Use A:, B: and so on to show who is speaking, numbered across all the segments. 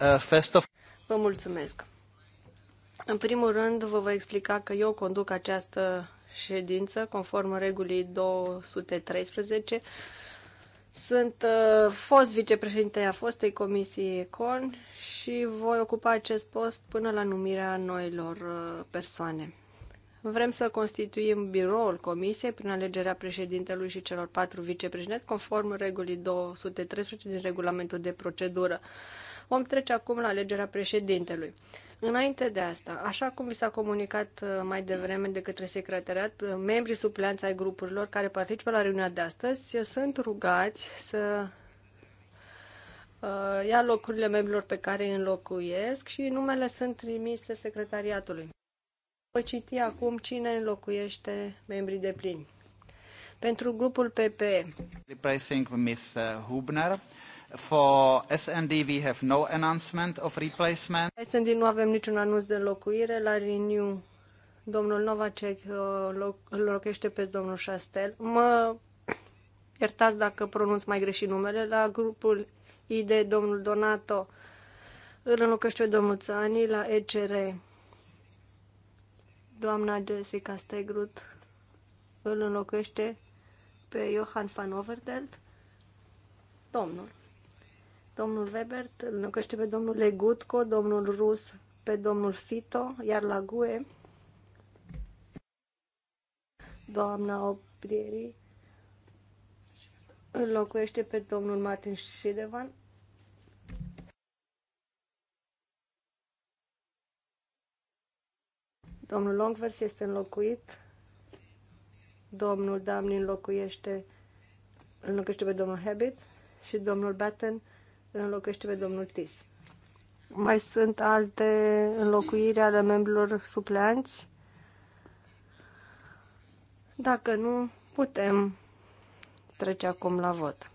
A: uh, first of... Vă mulțumesc. În primul rând, vă voi explica că eu conduc această ședință conform regulii 213. Sunt uh, fost vicepreședinte a fostei comisii ECON și voi ocupa acest post până la numirea noilor uh, persoane. Vrem să constituim biroul comisiei prin alegerea președintelui și celor patru vicepreședinți conform regulii 213 din regulamentul de procedură. Uh, Vom trece acum la alegerea președintelui. Înainte de asta, așa cum vi s-a comunicat uh, mai devreme de către secretariat, uh, membrii supleanți ai grupurilor care participă la reuniunea de astăzi sunt rugați să uh, ia locurile membrilor pe care îi înlocuiesc și numele sunt trimise secretariatului. Voi citi acum cine înlocuiește membrii de plin. Pentru grupul PP. Replacing Ms. Hubner, For SND, we have no announcement of replacement. SND nu avem niciun anunț de locuire. La Renew, domnul Novacek uh, îl locuiește pe domnul Șastel. Mă iertați dacă pronunț mai greșit numele. La grupul ID, domnul Donato îl înlocuiește pe domnul Țani. La ECR, doamna Jessica Stegrut îl înlocuiește pe Johan van Overdelt. Domnul. Domnul Weber îl pe domnul Legutco, domnul Rus pe domnul Fito, iar la GUE doamna Oprieri îl locuiește pe domnul Martin Șidevan. Domnul Longvers este înlocuit. Domnul Damni locuiește, înlocuiește pe domnul Habit și domnul Batten îl înlocuiește pe domnul Tis. Mai sunt alte înlocuiri ale membrilor supleanți? Dacă nu, putem trece acum la vot.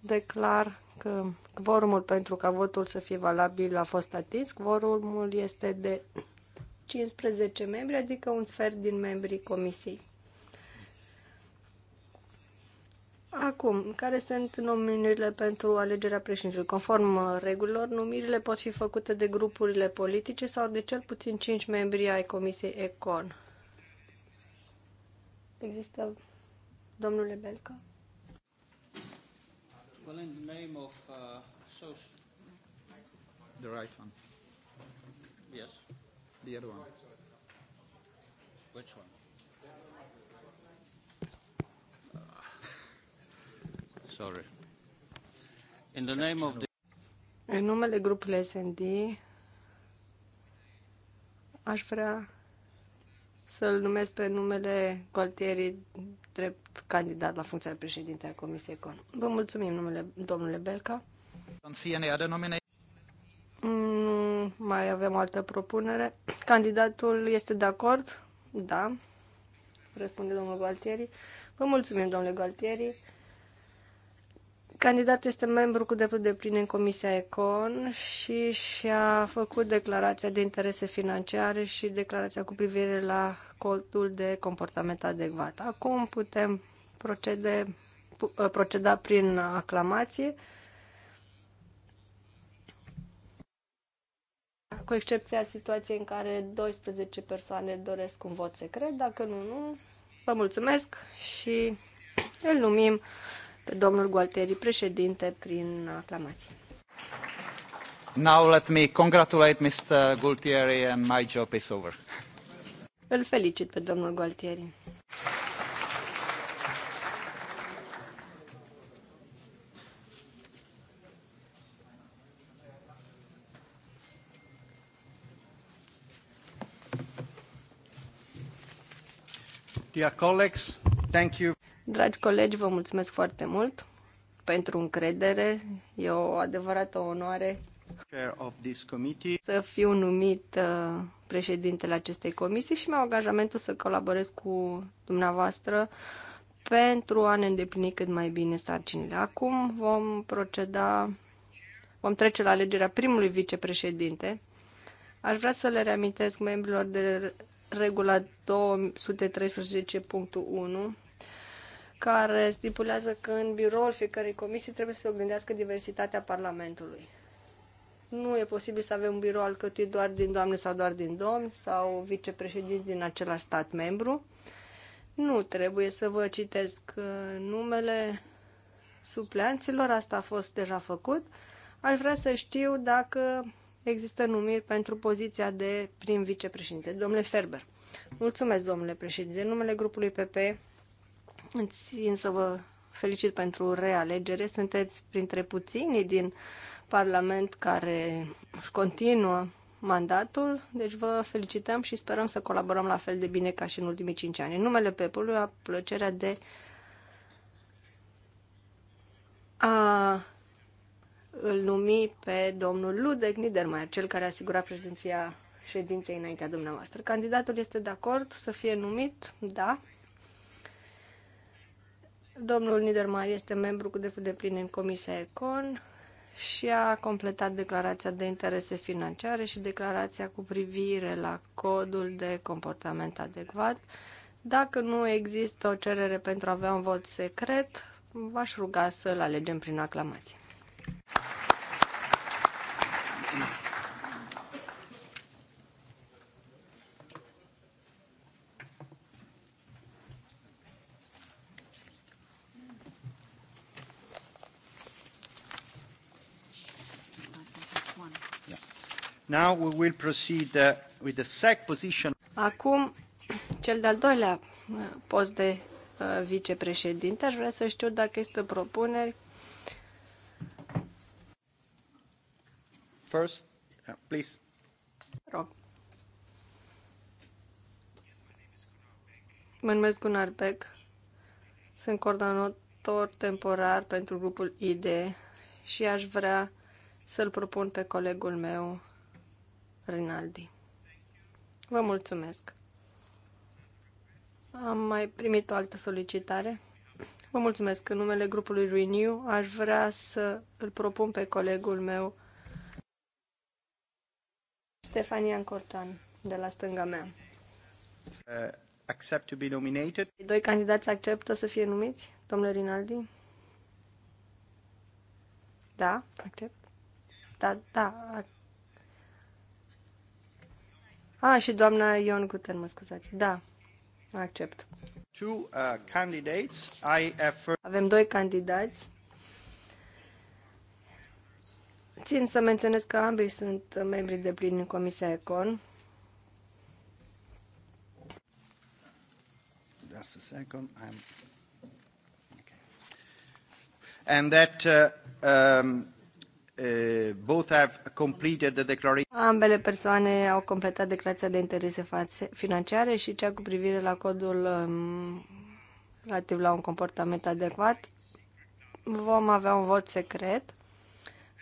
A: Declar că quorumul pentru ca votul să fie valabil a fost atins. Quorumul este de 15 membri, adică un sfert din membrii comisiei. Acum, care sunt numirile pentru alegerea președintelui? Conform uh, regulilor, numirile pot fi făcute de grupurile politice sau de cel puțin 5 membri ai Comisiei ECON. Există domnule Belca? Well, in the name of uh, social... The right one. Yes. The other one. Which one? În numele grupului SND aș vrea să-l numesc pe numele Gualtieri drept candidat la funcția de președinte a Comisiei Econ. Vă mulțumim numele domnule Belca. Nu mai avem altă propunere. Candidatul este de acord? Da. Răspunde domnul Gualtieri. Vă mulțumim, domnule Gualtieri. Candidatul este membru cu deput de plin în Comisia Econ și și-a făcut declarația de interese financiare și declarația cu privire la codul de comportament adecvat. Acum putem procede, ă, proceda prin aclamație. cu excepția situației în care 12 persoane doresc un vot secret, dacă nu, nu. Vă mulțumesc și îl numim pe domnul Gualteri, președinte, prin aclamație. Now let me congratulate Mr. Gualtieri and my job is over. Îl felicit pe domnul Gualtieri. Dear colleagues, thank you Dragi colegi, vă mulțumesc foarte mult pentru încredere. E o adevărată onoare să fiu numit uh, președintele acestei comisii și mi-au angajamentul să colaborez cu dumneavoastră pentru a ne îndeplini cât mai bine sarcinile. Acum vom proceda, vom trece la alegerea primului vicepreședinte. Aș vrea să le reamintesc membrilor de regula 213.1 care stipulează că în biroul fiecarei comisii trebuie să oglindească diversitatea Parlamentului. Nu e posibil să avem un birou alcătuit doar din doamne sau doar din domn sau vicepreședinți din același stat membru. Nu trebuie să vă citesc uh, numele supleanților, asta a fost deja făcut. Aș vrea să știu dacă există numiri pentru poziția de prim vicepreședinte. Domnule Ferber. Mulțumesc, domnule președinte. numele grupului PP Țin să vă felicit pentru realegere. Sunteți printre puținii din Parlament care își continuă mandatul, deci vă felicităm și sperăm să colaborăm la fel de bine ca și în ultimii cinci ani. În numele Pepului a plăcerea de a îl numi pe domnul Ludec Niedermayer, cel care a asigurat președinția ședinței înaintea dumneavoastră. Candidatul este de acord să fie numit? Da. Domnul Niedermayer este membru cu dreptul de plin în Comisia Econ și a completat declarația de interese financiare și declarația cu privire la codul de comportament adecvat. Dacă nu există o cerere pentru a avea un vot secret, v-aș ruga să-l alegem prin aclamație. Now we will proceed uh, with the SEC position. Acum, cel de-al doilea uh, post de uh, vicepreședinte, aș vrea să știu dacă este propuneri. First, uh, please. Rog. Mă numesc Gunnar Beck. Sunt coordonator temporar pentru grupul IDE și aș vrea să-l propun pe colegul meu, Rinaldi. Vă mulțumesc. Am mai primit o altă solicitare. Vă mulțumesc. În numele grupului Renew aș vrea să îl propun pe colegul meu, Stefania Cortan, de la stânga mea. Uh, accept to be nominated. Doi candidați acceptă să fie numiți, domnule Rinaldi? Da, accept. Da, da, Ah, și doamna Ion Guten, mă scuzați. Da, accept. Two, uh, candidates. I have... Avem doi candidați. Țin să menționez că ambii sunt membri de plin în Comisia Econ. Just a second. I'm... Okay. And that uh, um, Eh, Ambele persoane au completat declarația de interese financiare și cea cu privire la codul um, relativ la un comportament adecvat. Vom avea un vot secret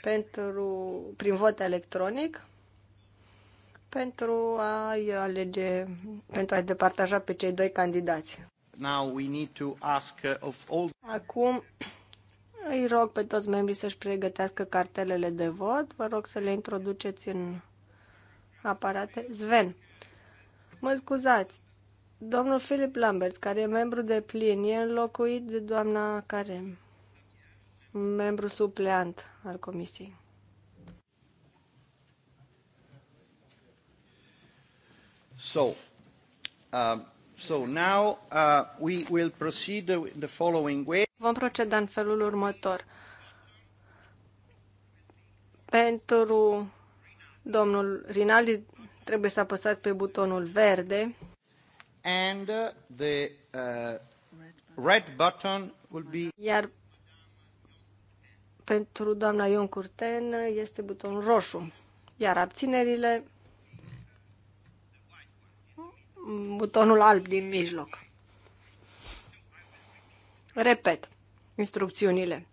A: pentru, prin vot electronic pentru a alege, pentru a departaja pe cei doi candidați. Now we need to ask uh, of all... Acum îi rog pe toți membrii să-și pregătească cartelele de vot. Vă rog să le introduceți în aparate. Sven, mă scuzați, domnul Philip Lambert, care e membru de plin, e înlocuit de doamna care membru supleant al comisiei. So, um, So now uh, we will proceed the following way. Vom proceda în felul următor. Pentru domnul Rinaldi trebuie să apăsați pe butonul verde. And uh, the uh, red button will be Iar pentru doamna Ion Curten este butonul roșu. Iar abținerile butonul alb din mijloc. Repet instrucțiunile.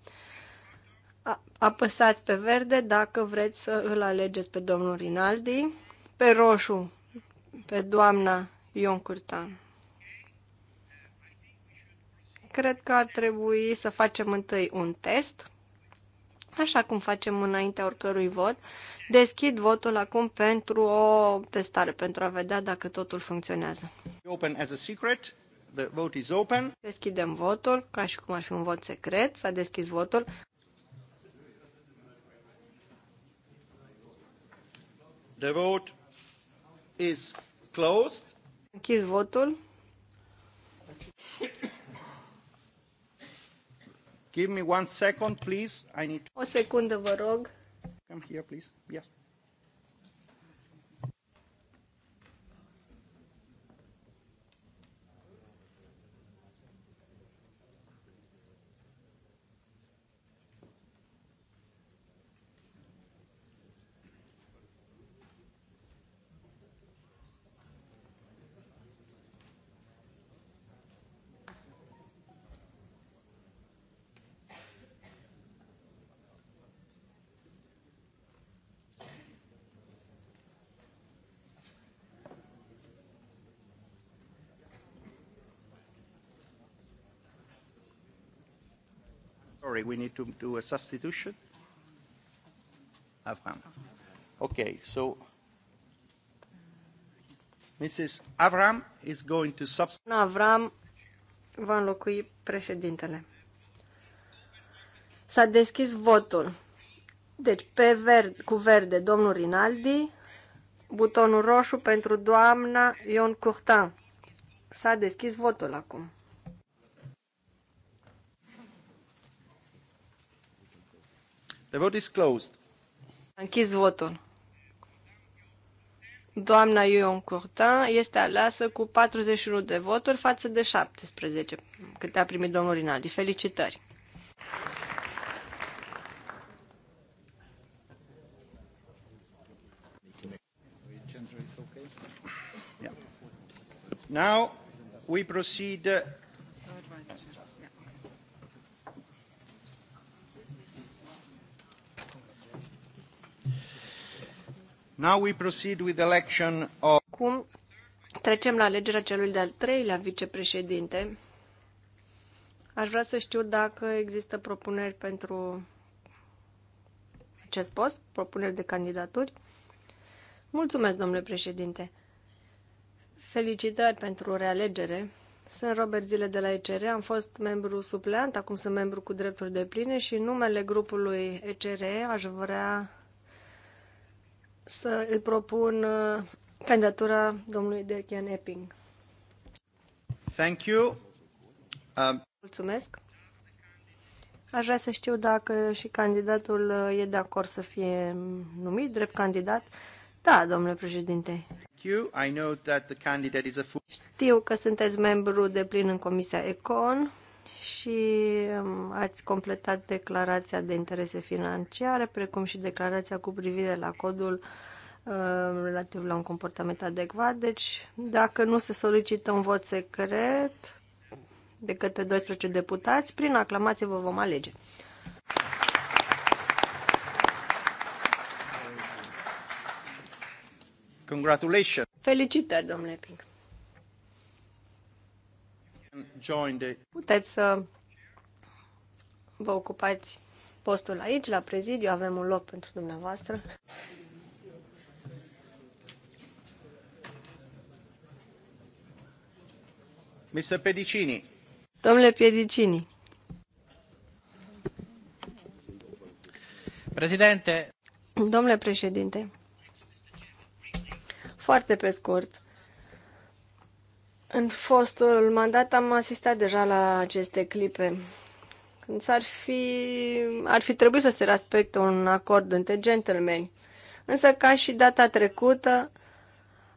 A: Apăsați pe verde dacă vreți să îl alegeți pe domnul Rinaldi, pe roșu pe doamna Ion Curtan. Cred că ar trebui să facem întâi un test așa cum facem înaintea oricărui vot. Deschid votul acum pentru o testare, pentru a vedea dacă totul funcționează. Open as a secret. The vote is open. Deschidem votul, ca și cum ar fi un vot secret. S-a deschis votul. The vote is closed. Închis votul. Give me one second, please. I need... O secundă, vă rog. Come here, please. Yes. Yeah. Sorry, we need to do a substitution. Avram. Okay, so Mrs. Avram is going to substitute. Avram va înlocui președintele. S-a deschis votul. Deci pe verde, cu verde domnul Rinaldi, butonul roșu pentru doamna Ion Curtin. S-a deschis votul acum. The vote is closed. Închis votul. Doamna Ion Curtin este aleasă cu 41 de voturi față de 17 câte a primit domnul Rinaldi. Felicitări! Now we proceed Acum trecem la alegerea celui de-al treilea vicepreședinte. Aș vrea să știu dacă există propuneri pentru acest post, propuneri de candidaturi. Mulțumesc, domnule președinte. Felicitări pentru realegere. Sunt Robert Zile de la ECR, am fost membru supleant, acum sunt membru cu drepturi de pline și în numele grupului ECR aș vrea să îi propun uh, candidatura domnului Derkian Epping. Thank you. Um... Mulțumesc. Aș vrea să știu dacă și candidatul uh, e de acord să fie numit drept candidat. Da, domnule președinte. Thank you. I know that the candidate is a. Știu că sunteți membru de plin în Comisia Econ și um, ați completat declarația de interese financiare, precum și declarația cu privire la codul um, relativ la un comportament adecvat. Deci, dacă nu se solicită un vot secret de către 12 deputați, prin aclamație vă vom alege. Congratulations! Felicitări, domnule Pink! Puteți să vă ocupați postul aici, la prezidiu, avem un loc pentru dumneavoastră. Mr. Pedicini. Domnule Piedicini. Președinte. Domnule președinte. Foarte pe scurt. În fostul mandat am asistat deja la aceste clipe. Când ar fi, ar fi trebuit să se respecte un acord între gentlemen. Însă, ca și data trecută,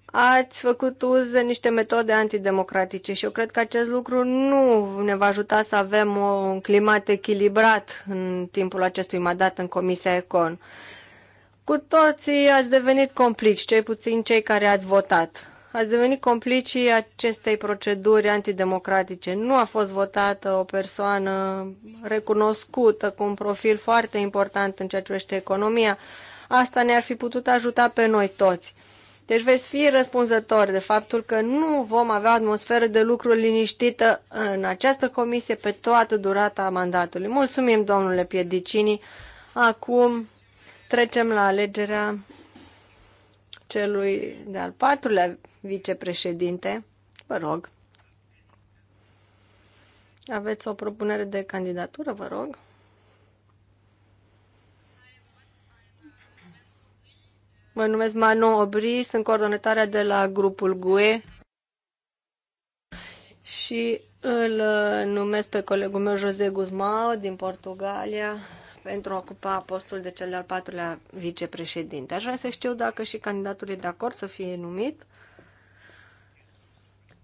A: ați făcut uz de niște metode antidemocratice și eu cred că acest lucru nu ne va ajuta să avem un climat echilibrat în timpul acestui mandat în Comisia Econ. Cu toții ați devenit complici, cei puțin cei care ați votat ați devenit complicii acestei proceduri antidemocratice. Nu a fost votată o persoană recunoscută cu un profil foarte important în ceea ce privește economia. Asta ne-ar fi putut ajuta pe noi toți. Deci veți fi răspunzători de faptul că nu vom avea atmosferă de lucru liniștită în această comisie pe toată durata mandatului. Mulțumim, domnule Piedicini. Acum trecem la alegerea celui de-al patrulea vicepreședinte, vă rog. Aveți o propunere de candidatură, vă rog? Mă numesc Manu Obri, sunt coordonatarea de la grupul GUE și îl numesc pe colegul meu José Guzmão din Portugalia, pentru a ocupa postul de cel de-al patrulea vicepreședinte. Aș vrea să știu dacă și candidatul e de acord să fie numit.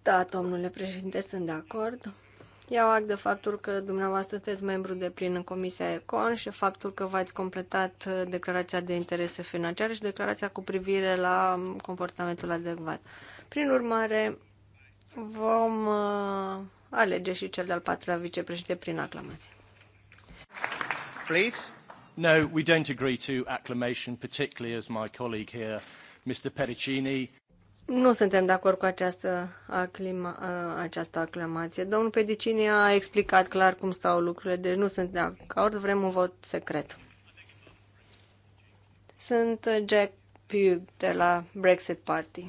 A: Da, domnule președinte, sunt de acord. Iau act de faptul că dumneavoastră sunteți membru de plin în Comisia Econ și faptul că v-ați completat uh, declarația de interese financiare și declarația cu privire la um, comportamentul adecvat. Prin urmare, vom uh, alege și cel de-al patrulea vicepreședinte prin aclamație please? No, we don't agree to acclamation, particularly as my colleague here, Mr. Pedicini. Nu suntem de acord cu această, aclima, uh, această aclamație. Domnul Pedicini a explicat clar cum stau lucrurile, deci nu sunt de acord, vrem un vot secret. Sunt Jack Pugh de la Brexit Party.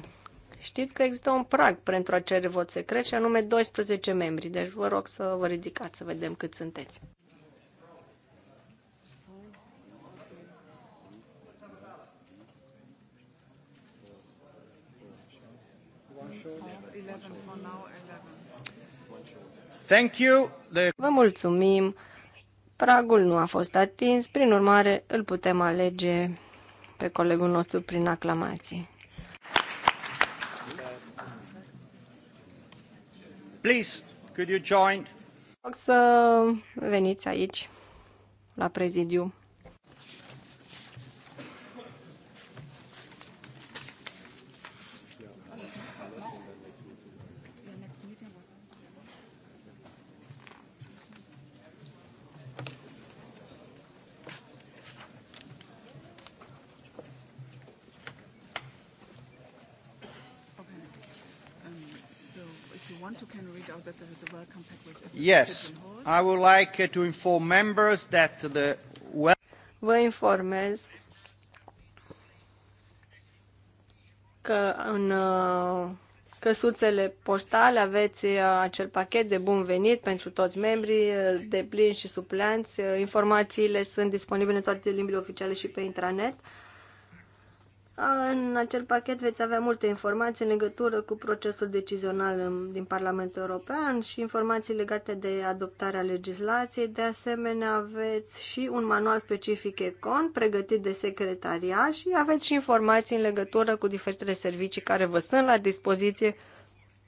A: Știți că există un prag pentru a cere vot secret și anume 12 membri, deci vă rog să vă ridicați să vedem cât sunteți. Thank you. The... Vă mulțumim. Pragul nu a fost atins, prin urmare îl putem alege pe colegul nostru prin aclamații. Please, could you join? O să veniți aici, la prezidiu. want, you can read out that there is a welcome package. Yes, I would like uh, to inform members that the well Vă informez că în uh, căsuțele poștale aveți uh, acel pachet de bun venit pentru toți membrii, de plin și supleanți. Informațiile sunt disponibile în toate limbile oficiale și pe intranet. În acel pachet veți avea multe informații în legătură cu procesul decizional um, din Parlamentul European și informații legate de adoptarea legislației. De asemenea, aveți și un manual specific ECON pregătit de secretariat și aveți și informații în legătură cu diferitele servicii care vă sunt la dispoziție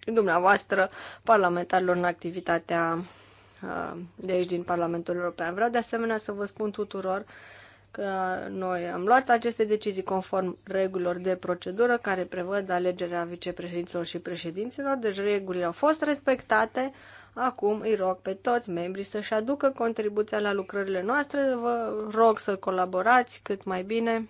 A: dumneavoastră parlamentarilor în activitatea uh, de aici din Parlamentul European. Vreau de asemenea să vă spun tuturor că noi am luat aceste decizii conform regulilor de procedură care prevăd alegerea vicepreședinților și președinților, deci regulile au fost respectate. Acum îi rog pe toți membrii să-și aducă contribuția la lucrările noastre, vă rog să colaborați cât mai bine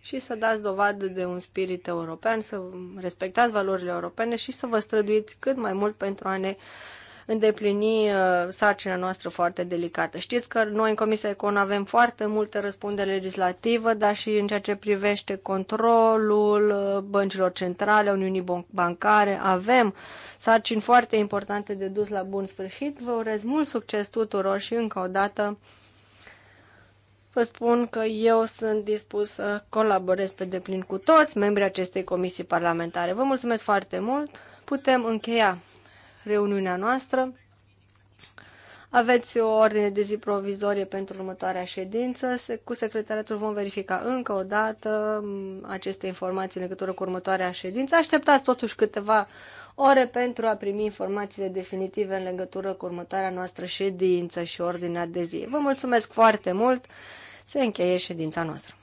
A: și să dați dovadă de un spirit european, să respectați valorile europene și să vă străduiți cât mai mult pentru a ne îndeplini uh, sarcina noastră foarte delicată. Știți că noi în Comisia Econ avem foarte multă răspundere legislativă, dar și în ceea ce privește controlul uh, băncilor centrale, Uniunii Bancare, avem sarcini foarte importante de dus la bun sfârșit. Vă urez mult succes tuturor și încă o dată Vă spun că eu sunt dispus să colaborez pe deplin cu toți membrii acestei comisii parlamentare. Vă mulțumesc foarte mult. Putem încheia reuniunea noastră. Aveți o ordine de zi provizorie pentru următoarea ședință. Cu secretariatul vom verifica încă o dată aceste informații în legătură cu următoarea ședință. Așteptați totuși câteva ore pentru a primi informațiile definitive în legătură cu următoarea noastră ședință și ordinea de zi. Vă mulțumesc foarte mult. Se încheie ședința noastră.